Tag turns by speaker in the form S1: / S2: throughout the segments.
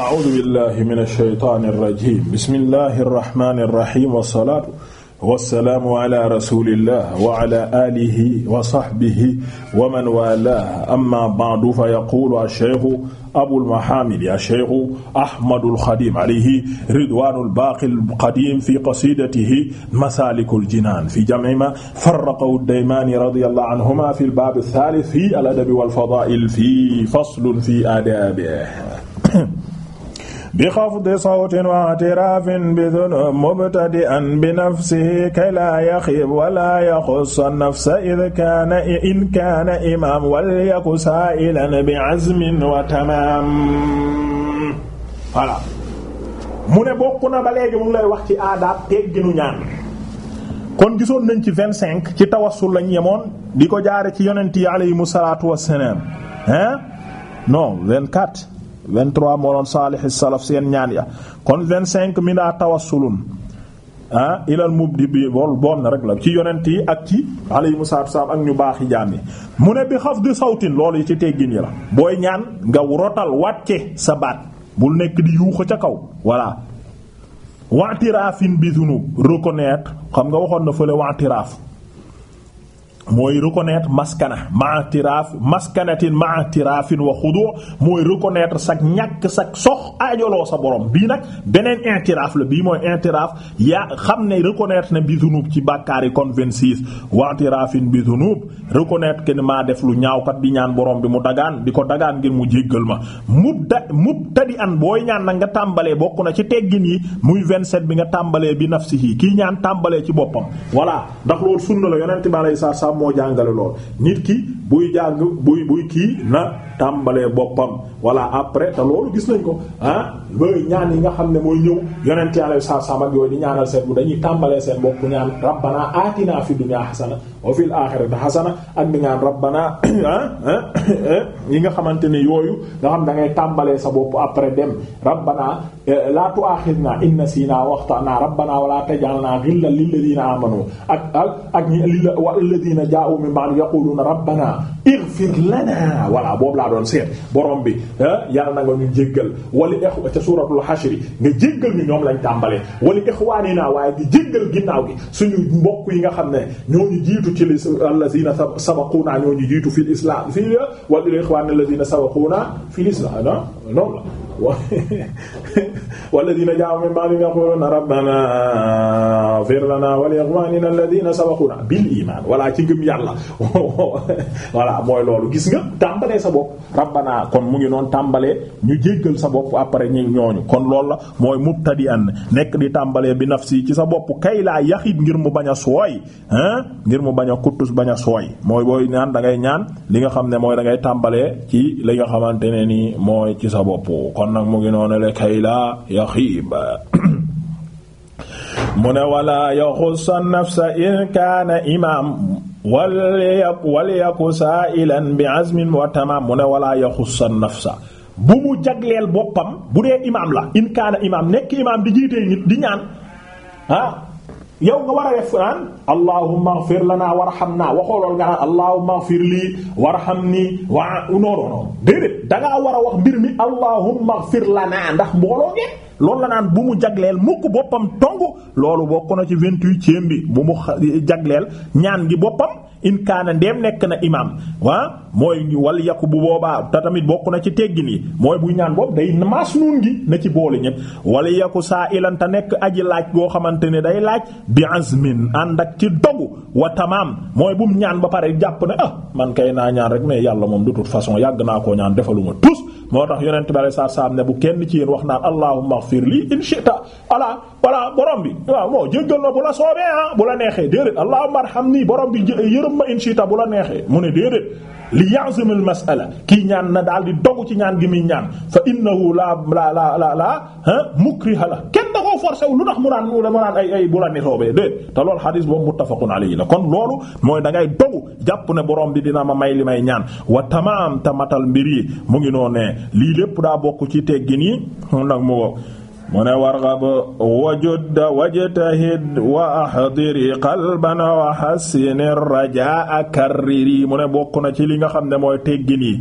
S1: a'uudu billahi mina shaytaani rajiim bismillahi rahmaani rahiim wasalaatu wasalaamu ala rasulillah wa ala aalihi wa sahbihi wa man waalaahu amma ba'du fa yaquulu ash-shaykhu abul mahaamid ash-shaykhu ahmadul xadiim alayhi ridwaanul baaqil qadiim fi qasiidatihi masaalikul jinaan fi jam'i maa farraqahu ad-daymaani radiyallahu anhumaa fil baab ath-thaalith fi al-adabi wal fadaa'il fi faslun fi aadaabihi bi xafdi sawtin wa bi dhunub mubtadi'an bi nafsihi kay laa yaxib wala yaxussa nafsa id in kaana imaam wal yaku saa'ilan bi azmin wa tamaam mu ne bokk na ba léegi mu ngi wax ci aadaab tegginu ñaan kon gisoon nañ ci vingt cinq ci tawassul lañ yemoon di ko jaare ci yonent yi aleyhimu salaatu wassalaam hein non 23 moo doon saalixi salaf seen ñaan ya kon 25 minaa tawassulun ah ilal mubdi bi bool bool na rek la ci yonent yi ak ci alayhimu salaatu salaam ak ñu baax i jaam yi mu ne bi xafdi sawtin loolu yi ci teggin yi la booy ñaan nga rotal wàcce sa baat bul nekk di yuuxa ca kaw voilà wa'tiraafin bi dunub reconnaître xam nga waxoon na fële wa'tiraaf mooy reconnaître maskana maatiraaf maskanatin maatiraafin wa xudu mooy reconnaître sak ñàkk sak sox aajoloo sa boroom bii nag beneen intiraaf la bii mooy intiraaf yaa xam ne reconnaître ne bi dunub ci bàkkaar yi kon 26 waatiraafin bi dunub reconnaître que ne maa def lu ñaawkat di ñaan borom bi mu dagaan di ko dagaan ngir mu jéggal ma mubda mubtadi an booy ñaan nag nga tàmbalee bokk na ci teggin yi muy 27 bi nga tàmbalee bi nafsihi kii ñaan tàmbalee ci boppam moo jàngale lool nit ki buy jàng buy buy kii na tàmbalee boppam voilà après te loolu gis nañ ko ah looy ñaan yi nga xam ne mooy ñëw yonent yàlla sa sam ak yooyu di ñaanal seen bu dañuy tàmbalee seen bopp ñaan rabbana aatina fi dunya hasana wa fil akhirati hasana ak di ñaan rabbana ah, ah, eh, yi nga xamante ne yooyu nga xam da ngay tàmbalee sa bopp après dem rabbana eh, la tu'akhidna in nasina wa akhtana rabbana wa la tajalna ghillan lil ladina amanu ak ak ñi lil ladina jaa'u min ba'd yaquluna rabbana ighfir lana voilà boobu laa doon seet borom bi ah, yàlla na nga ñu jéggal wali ikhwa ca suratul hashr nga jéggal ñu ñoom lañ tàmbalee wali ikhwanina waaye di jéggal ginnaaw gi suñu mbokk yi nga xam ne ñoo ñu jiitu ci li allazina sabaquna ñoo ñu jiitu fil islam fii ah, wali ikhwanina allazina sabaquna fil islam ah, non non walladina jaaw min ba'dihim yaquluna rabbana ighfir lana wa li ikhwanina alladina sabaquna bil iman walla ci ngëm yàlla voilà mooy loolu gis nga tàmbalee sa bopp rabbana kon mu ngi noon tàmbalee ñu jéggal sa bopp après ñu ñooñu kon loolu la mooy mubtadi'an nekk di tàmbalee bi nafsi ci sa bopp kay laa yaxit ngir mu bañ a sooy hein ngir mu bañ a kuttus bañ a sooy mooy booy ñaan dangay ñaan li nga xam ne mooy dangay ngay tàmbalee ci li nga xamante ne nii mooy ci sa bopp kon nag mu ngi noonu le kay yaxiib mu ne wala yaxusa nafsa in imaam walyaq walyaqu bi azmin wa tamam mu ne walaa yaxussa nafsa bu mu jagleel boppam bu dee imaam la in kaana imaam nekk imaam di jiitee nit di ñaan ah yow nga war a def naan allahumma ighfir lana warhamna waxoo lool nga naan allahumma ighfir lii warhamni wa noonu noonu déedéet da ngaa war a wax mbir mi allahumma ighfir lana ndax mbooloo ngeen loolu la naan bu mu jagleel mukk boppam tong loolu bokk na ci vingt-huitième bi bu mu jagleel ñaan gi boppam in kaana ndeem nekk na imaam waa mooy ngi wal yàqu bu boobaa te tamit bokk na ci teggin yi mooy buy ñaan boobu day maas nuun gi na ci boole ñëpp wala yàqu saa ilanta nekk aji laaj goo xamante ne day laaj bi azmin ànd ak ci dogu wa tamaam mooy bu ñaan ba pare jàpp ne ah man kay naa ñaan rek mais yàlla moom de toute façon yàgg naa koo ñaan defaluma tus moo tax yonent bi saa saam ne bu kenn ci yéen wax naan allahumma ighfir li in shi'ta ala voilà borom bi waaw moo jéggal na bu la soobee ah bu la neexee déedéet allahumma arhamni borom bi yërëm ma in bu la neexee mu ne déedéet li ya'zim al mas'ala kii ñaan na daal di dogu ci ñaan gi muy ñaan fa innahu la la la la la kenn da koo lu tax mu naan mu naan ay ay bu la ni soobee te loolu xadis boobu muttafaqun alayhi la kon loolu mooy dangay ngay dogu jàpp ne borom bi dina ma may li may ñaan wa tamaam tamatal mbir yi mu ngi noonu ne lii lépp daa bokk ci teggin yi nag mu mu ne war wargab wajud wajtahid wa ahdiri qalban wa hassin rajaa karriri mu ne bokk na ci li nga xam ne mooy teggin yi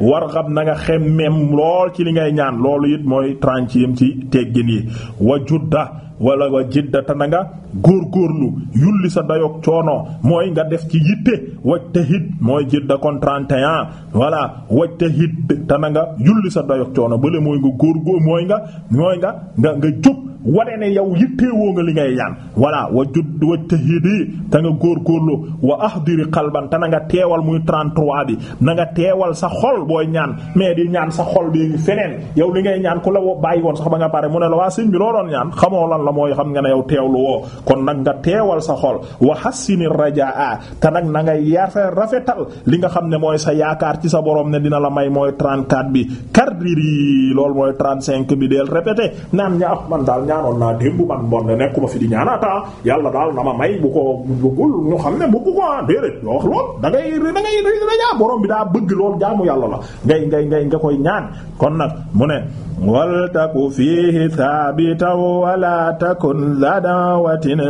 S1: wargab na nga xemmem lool ci li ngay ñaan loolu it mooy trentième ci teggin yi wajudda wala wa jiddata na nga góorgóorlu yulli sa dayoog coono mooy nga def ci yitte wajtahid mooy jidda kon 31 voilà wajtahid te na nga yulli sa dayoog coono bale mooy nga góor mooy nga mooy nga nga nga wane ne yow woo nga li ngay ñaan voilà wa judd wajtahidi te nga góorgóorlu wa ahdiri xalban te na nga teewal muy 33 bi na nga teewal sa xol booy ñaan mais di ñaan sa xol bi ngi yow li ngay ñaan ku la woo bàyyi woon sax ba nga pare mu ne la waa sëñ bi loo doon ñaan xamoo lan la mooy xam nga ne yow teewlu woo kon nag nga teewal sa xol wa hassini rajaa te nag na nga yaata rafetal li nga xam ne mooy sa yaakaar ci sa borom ne dina la may mooy 34 bi kardiri loolu mooy 35 bi del répété naan ña man ñaanoon naa démb man bon nekkuma fi di ñaanaata ma may bu ko bëggul ñu xam ne bëgg ko ah déedéet wax lool da ngay da ngay rajaa ah, borom bi daa bëgg lool jaamu yàlla la ngay ngay ngay nga koy ñaan kon nag mu ne waltaku fiihi thaabitaw wala takun za dawatin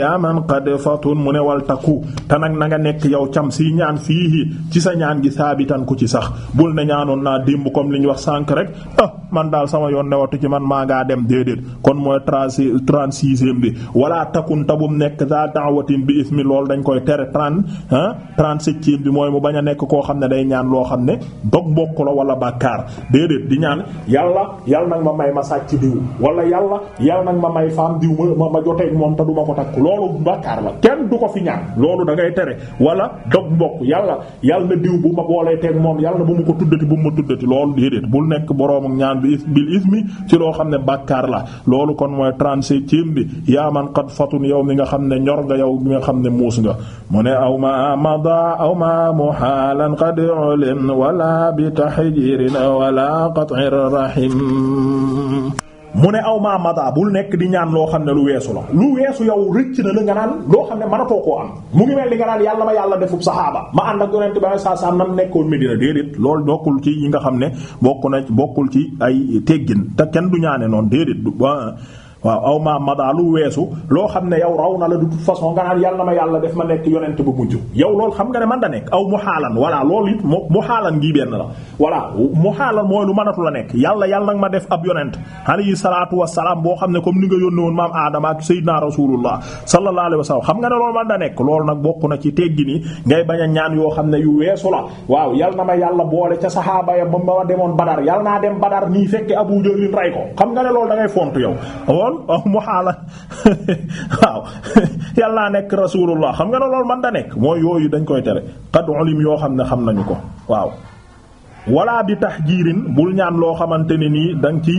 S1: ya man qad fatun mu ne waltaku te na nga nekk yow cam si ñaan fiihi sa ñaan gi thaabitan ku ci sax bul ne ñaanoon naa démb comme li ñu wax sànk rek ah man daal sama yoon newatu ci man maa ngaa dem déedéet kon mooy tracé trente sixième bi wala bu mu nekk za da'watin bi ismi loolu dañ koy tere trente ah trente septième bi mooy mu bañ a nekk koo xam ne day ñaan loo xam ne dog mbokk la wala bàkkaar déedéet di ñaan yàlla yàlla nag ma may ma sàcc diw wala yàlla yàlla nag ma may femme diw ma ma jotee moom te du ma ko takk loolu bàkkaar la kenn du ko fi ñaan loolu da ngay tere wala dog mbokk yàlla yàlla na diw bu ma boolee teeg moom yàlla na bu ma ko tuddati bu ma tuddati loolu déedéet bul nekk boroomu ñaan bi bil ismi ci loo xam ne bàkkaar la loolu kon mooy trente-septième bi yaa man qad fatun yow mi nga xam ne ñor nga yow mi nga xam ne muus nga mu ne aw ma mada aw ma muhalan qad ulin wala bi tahjirin wala qat'ir rahim mu ne aw maa mada bul nekk di ñaan loo xam ne lu weesu la lu weesu yow rëcc na la nga naan loo xam ne mënatoo koo am mu ngi mel li nga naan yàlla ma yàlla defub saxaaba ma ànd ak yonent ba saa saa nam nekkoon Medina déedéet loolu bokkul ci yi nga xam ne bokk na bokkul ci ay teggin te kenn du ñaane noonu déedéet waaw aw ma mada lu weesu loo xam ne yow raw na la de toute façon nga naan yàlla na ma yàlla def ma nekk yonent bu mujj yow loolu xam nga ne man da nekk aw mu xaalan voilà loolu it mu xaalan gii benn la voilà mu xaalan mooy lu manatu la nekk yàlla yàlla nag ma def ab yonent alayhi salaatu wassalaam boo xam ne comme ni nga yónne woon maam aadama ak sayyidina rasulullah sallallahu alayhi wasallam xam nga ne loolu man da nekk loolu nag bokk na ci teggi ni ngay bañ ñaan yoo xam ne yu weesu la waaw yàlla na ma yàlla boole ca saxaaba ya ba ma demoon badar yàlla naa dem badar nii fekke abu jahlin ray ko xam nga ne loolu da xool aw oh, mu xaala naa yàllaa nekk rasulullah xam nga ne loolu man da nekk mooy yooyu dañ koy tere qad ulim yoo xam ne xam nañu ko waaw wala bi tahjirin bul ñaan loo xamante ne nii da nga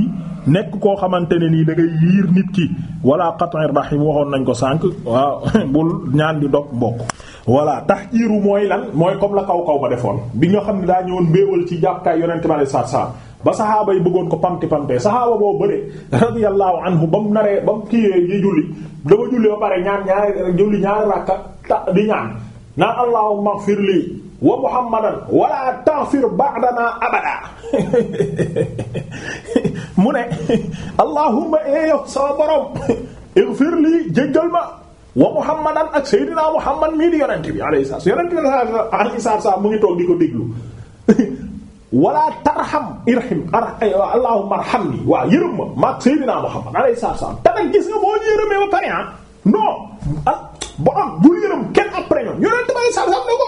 S1: nekk koo xamante ne nii da ngay yiir nit ki wala qat'ir rahim waxoon nañ ko sànq waaw bul ñaan di dog mbokk voilà tahjiru mooy lan mooy comme la kaw kaw ba defoon bi nga xam ne daa ñëwoon mbéewal ci jàppukaay yonente bi sallallahu alayhi wasallam ba saxaaba yi bëggoon ko pamti pamtee saxaaba boo bëre radiyallahu anhu ba mu naree ba mu kiiwee yi julli dafa julli ba pare ñaan ñaari julli ñaari rakka ta di ñaan naan allahumma ighfir lii wa muhammadan wala taghfir ba'dana abada mu ne allahumma eeyow eh, sama borom ighfir lii jéggal ma wa muhammadan ak seydinaa muhammad mii di yonent bi alayhi salaam yonent bi alayhi salaam mu ngi toog di ko déglu wala tarham irhim allahumma arhamni waaw yërëm ma maag Seydina Muhammad alayhi salaam te nag gis nga boo ñu yërëmee ba pare ah non ah borom bul yërëm kenn après ñoom yonent bi alayhi salaam ne ko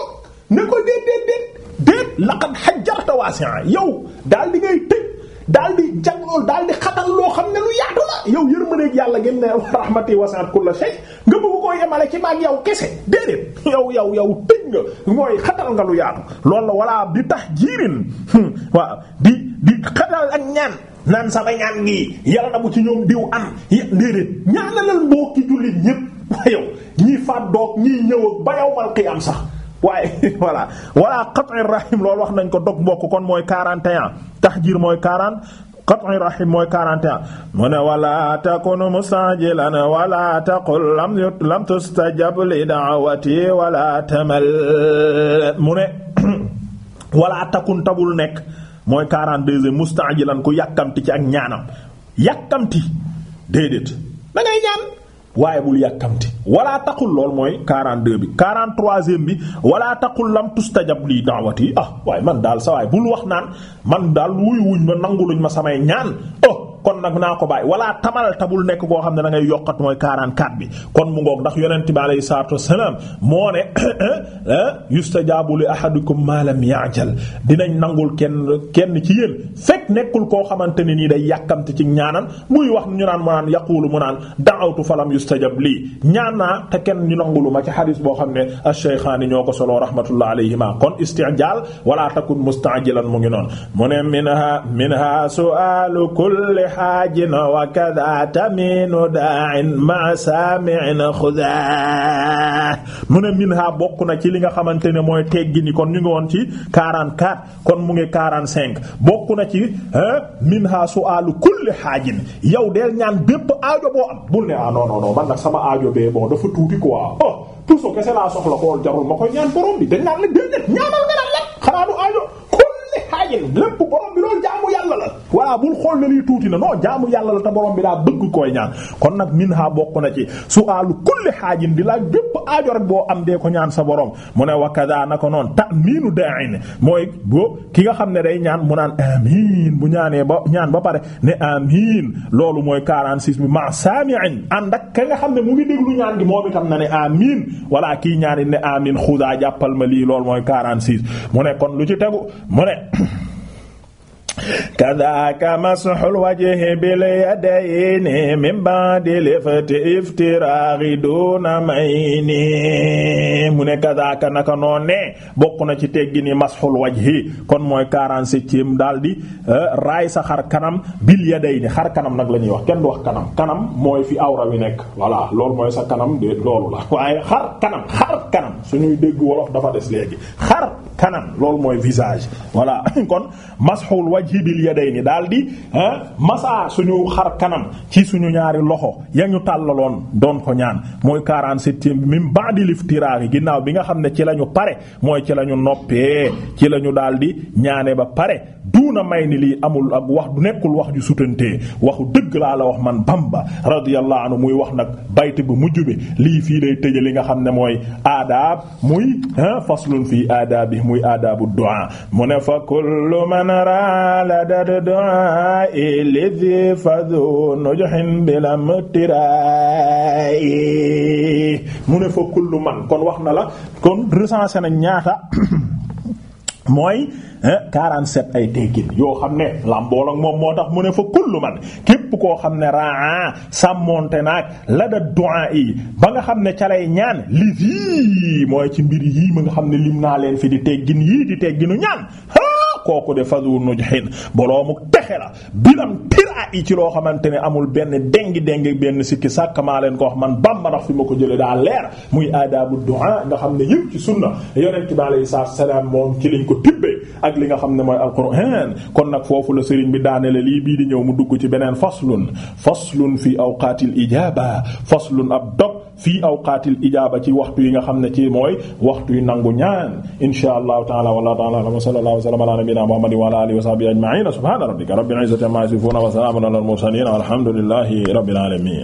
S1: ne ko déet déet déet déet laqad hajjarta wasi'a yow daal di ngay tëj daal di jaglool daal di xatal loo xam ne lu yaatu la yow yërmandeeg yàlla ngeen ne rahmati wasi'at kulla shay nga ko yemale ci maag yow kese déedéet yow yow yow tëj nga mooy xatal nga lu yaatu loolu la walla bi tax jiirin hmm. waaw di di xatal ak ñaan naan sama ñaan gi yàlla na bu ci ñoom diw am déedéet ñaanalal mbokki jullit ñépp waa yow ñii faat doog ñii ñëw ba yow mal qiyam sax waaye voilà walla qat'i rahim lool wax nañ ko dog mbokk kon mooy 41 tahjir mooy 40 qat'i rahim mooy 41 mu ne wala takun mustajilan wala taqul lam tustajab li da'wati wala tamal mu ne wala takun tabul nekk mooy 42 mustajilan ku yàkkamti ci ak ñaanam yàkkamti déedéet da ngay ñaan waaye bul yàkkamti wala taqul lool mooy 42 bi 43e bi wala taqul lam tustajab lii da'wati ah waaye man daal sa waay bul wax naan man daal wuyu wuñ ma luñ ma samay ñaan oh kon nag naa ko bàyyi wala tamal tabul nekk koo xam ne da ngay yokkat mooy 44 bi kon mu ngoog ndax yonent bi alayhi salaatu wassalaam moo ne eh, yustajaabu li ahadikum dinañ nangul kenn kenn ci fekk nekkul koo xamante ne nii day yàkkamte ci ñaanam muy wax ñu naan mu naan yaqulu mu naan da'awtu falam yustajab lii ñaan naa te kenn ñu nangulu ma ci xadis boo xam ne ash ñoo ko solo rahmatullah alayhima kon isti'jaal wala takun musta'jilan mu ngi noonu mu ne minha minha su'alu kulli xaajin wa kada taminu da'in ma sami'in xuda mu ne minha bokk na ci li nga xamante ne mooy teggi ni kon ñu ngi woon ci 44 kon mu ngi 45 bokk na ci minha su'alu kulli xaajin yow deel ñaan bépp aajo boo am bul ne ah non non man nag sama aajo bee bon dafa tuuti quoi oh tout ce que soxla xool jarul ma koy ñaan borom bi dañ naan la ñaanal nga naan la xanaa du aajo kulli ayin lépp borom bi loolu jaamu yàlla la voilà bul xool ne lii tuuti na non jaamu yàlla la te borom bi daa bëgg koy ñaan kon nag miin ha bokk na ci su alu kulli xaajin di laaj bépp aajo rek boo am dee ko ñaan sa borom mu ne wakada na ko noonu ta'minu da'in mooy bo ki nga xam ne day ñaan mu naan amiin bu ñaanee ba ñaan ba pare ne amiin loolu mooy 46 bi ma sami'in ànd ak ka nga xam ne mu ngi déglu ñaan gi moom itam na ne amiin voilà kii ñaanit ne amiin xuda jàppal ma lii loolu mooy 46 mu ne kon lu ci tegu mu kadaka masxul wajhi bil yadayni min ba'di lifti iftirari duna mayni mu ne kadaka naka noon ne bokk na ci teggi ni masxul wajhi kon mooy quarante-septième daal di euh, raay sa xar kanam bil yadayni xar kanam nag la ñuy wax kenn du wax kanam kanam mooy fi awra wi nekk voilà loolu mooy sa kanam de loolu la waaye xar kanam xar kanam suñuy dégg wolof dafa des léegi xar kanam loolu mooy visage voilà kon masxul wajhi bil yadayni daal di masa suñu xar kanam ci suñu ñaari loxo ya ñu tàllaloon doon ko ñaan mooy quarante-septième bi min ba'di liftiraax yi ginnaaw bi nga xam ne ci la ñu pare mooy ci la ñu noppee ci la ñu daal di ñaane ba pare duuna may ni lii amul ab wax du nekkul wax ju sutante waxu dëgg laa la wax man Bamba radiyallahu anhu muy wax nag bayt bu mujj bi lii fii lay tëje li nga xam ne mooy aadaab muy faslun fii aadaabi muy aadaabu du'a mu ne fa kullu man raala dad du'a ilidhi fadu nujhin bilam tiraay mu ne fa kullu man kon wax na la kon recensé na ñaata mooy quarante-sept ay teggin yoo xam ne lambool moom moo tax mu ne fa kullu man képp koo xam ne raa sàmmonte naag la da du'a yi ba nga xam ne ca lay ñaan li fii mooy ci mbir yii ma nga xam ne lim naa leen fi di teggin yii di tegginu ñaan kooku de fadu nujhin boloomu texe la bilam tiraa ci loo xamante ne amul benn déng déng benn sikki sàkk maa leen ko wax man Bamba ndax fi ma ko jële daa leer muy aadaabu du'a nga xam ne yëpp ci sunna yonent bi alayhi salaam moom ci liñ ko tibbee ak li nga xam ne mooy alquraan kon nag foofu la sëriñ bi daanele lii bii di ñëw mu dugg ci beneen faslun faslun fi awqaatil ijaaba faslun ab dog fii awqaatil ijaaba ci waxtu yi nga xam ne ci mooy waxtu yu nangu ñaan insha allahu taala wallahu taala alam wa sallallahu wa sallam ala nabiyyina muhammadin wa ala alihi wa sahbihi ajma'in subhana rabbika rabbil izzati amma yasifun wa salamun ala al mursalin walhamdulillahi rabbil alamin